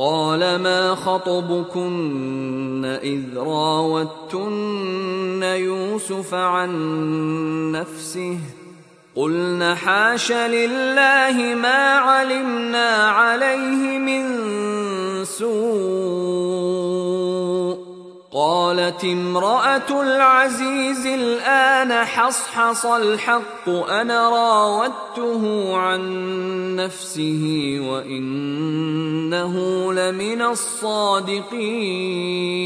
قال ما خطبكن إذ راوتن يوسف عن نفسه قلن حاش لله ما علمنا عليه من سوء قالت امرأة العزيز الآن حصحص الحق أنا راودته عن نفسه وإن إنه لمن الصادقين